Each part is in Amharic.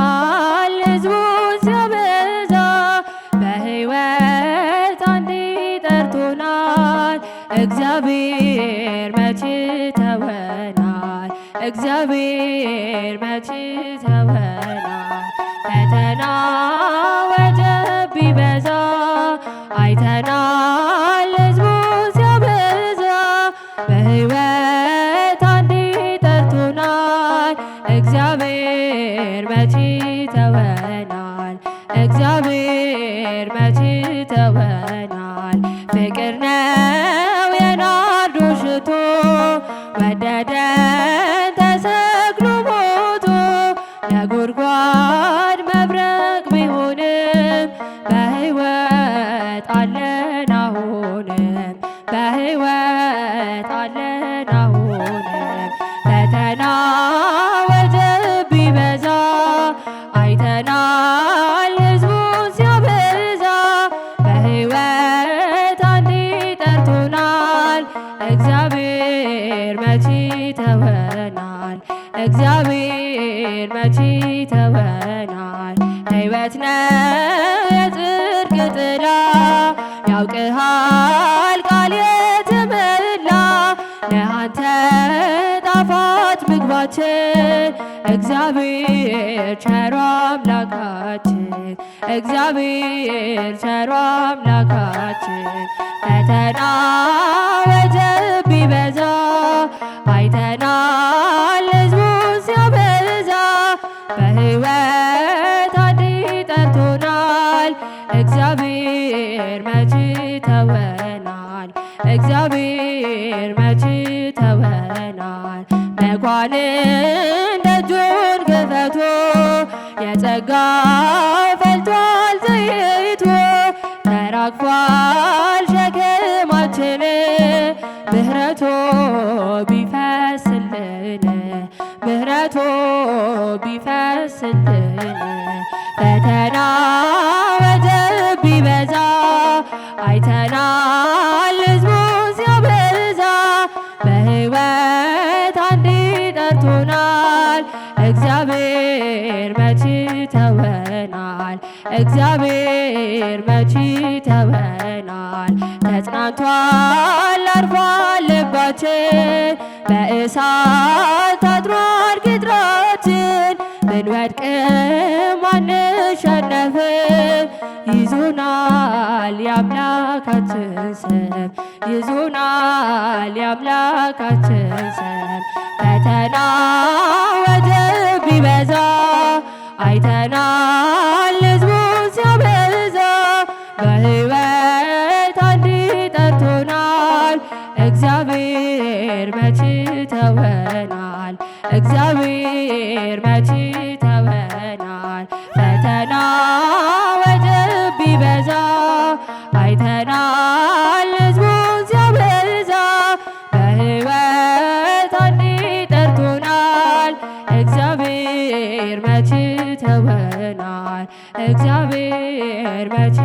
ይበዛል ህዝቡ ሲያበዛ በህይወት አንዴ ጠርቶናል። እግዚአብሔር መቼ ተወናል? እግዚአብሔር መቼ ተወናል? ተወናል እግዚአብሔር መቼ ተወናል ፍቅር ነው አይተናል ህዝቡ ሲያበዛ በህይወት አንዴ ጠርቶናል። እግዚአብሔር መቼ ተወናል? እግዚአብሔር መቼ ተወናል? ህይወት ነ የጽድቅ ጥላ ያውቅሃል ቃል የተመላ ለአንተ ጣፋጭ ምግባችን እግዚአብሔር ቸሮ አምላካችን እግዚአብሔር ቸሮ አምላካችን ፈተና ወጀብ ቢበዛ አይተናል ሕዝቡን ሲያበዛ በህይወት አንድ ጠርቶናል እግዚአብሔር መች ተወናል እግዚአብሔር መች ተወናል መኳን ፈልቷል ዘይቱ ተራግፏል ሸክማችን ምህረቶ ቢፈስልን ምህረቶ ቢፈስልን ፈተና ወጀብ ተናል እግዚአብሔር መቼ ተወናል። ተጽናንቷል አርፏል ልባችን በእሳት አጥሯል ግጥራችን ብንወድቅም አንሸነፍም ይዞናል የአምላካችን ስም ይዞናል የአምላካችን ስም ፈተና ወጀብ ቢበዛ አይተናል ህዝቡ ሲያበዛ እግዚአብሔር መቼ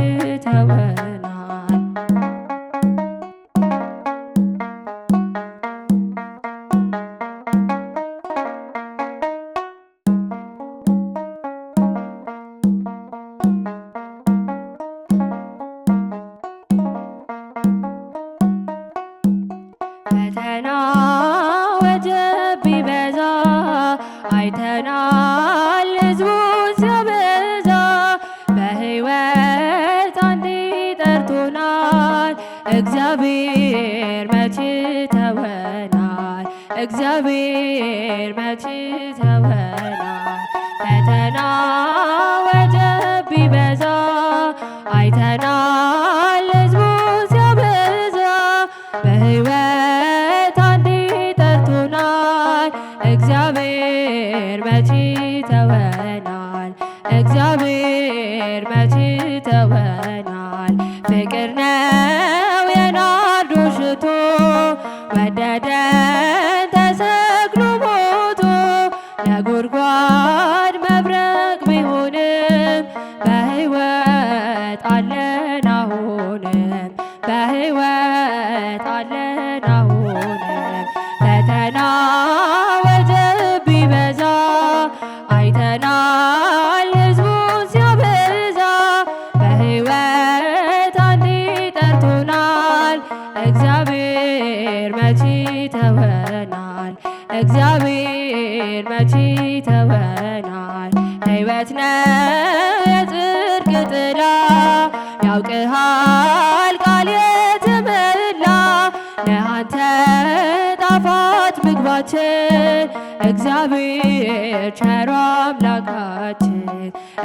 እግዚአብሔር መቼ ተወናል? እግዚአብሔር መቼ ተወናል? ፈተና ወጀብ ቢበዛ አይተናል ሕዝቡን ሲያበዛ። በሕይወት አንዴ ጠርቶናል። እግዚአብሔር መቼ ተወናል? እግዚአብሔር መቼ ተወናል? ፍቅር አለን አሁንም በህይወት አለን አሁንም ፈተና ወጀብ ቢበዛ አይተናል ህዝቡን ሲያበዛ በህይወት አንዴ ጠርቶናል እግዚአብሔር መቼ ተወናል እግዚአብሔር መቼ ተወናል ህይወት ነው የተሞላ ያውቅሃል ቃል የተመላ ለአንተ ጣፋጭ ምግባችን እግዚአብሔር ቸሮ አምላካችን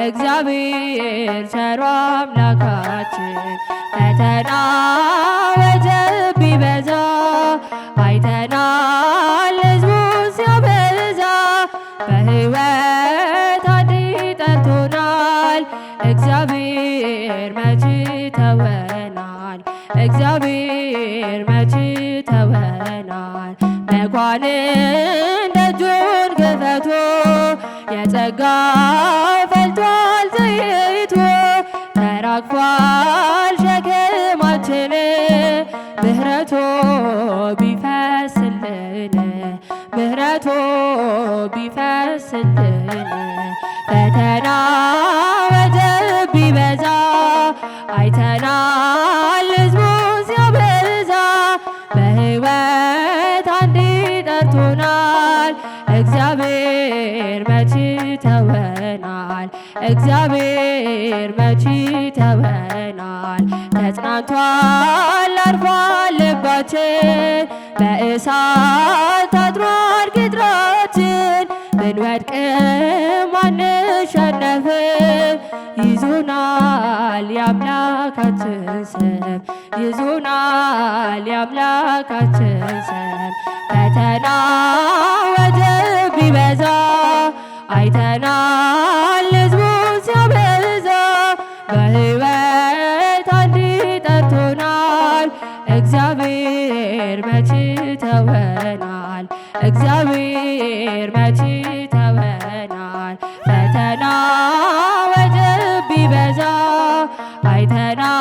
እግዚአብሔር ቸሮ አምላካችን ፈተና እግዚአብሔር መች ተወናል? እግዚአብሔር መች ተወናል? መኳንንት ደጁን ክፈቱ፣ የጸጋ ፈልቷል ዘይቱ። ተራግፏል ሸክማችን ምህረቶ ቢፈስልን ምህረቶ ቢፈስልን ፈተና ሲበዛ አይተናል ህዝቡን ሲያበዛ በህይወት አንዴ ጠርቶናል እግዚአብሔር መቼ ተወናል እግዚአብሔር መቼ ተወናል ተጽናንቷል አርፏል ልባችን በእሳት ታጥሯል ግድራችን ብንወድቅም አንሸነፍም ይዞናል የአምላካችን ስም ይዞናል የአምላካችን ስም ፈተና ወጀብ ቢበዛ አይተናል ሕዝቡን ሲያበዛ በሕይወት አንድ ጠርቶናል እግዚአብሔር መች እግዚአብሔር I thật đó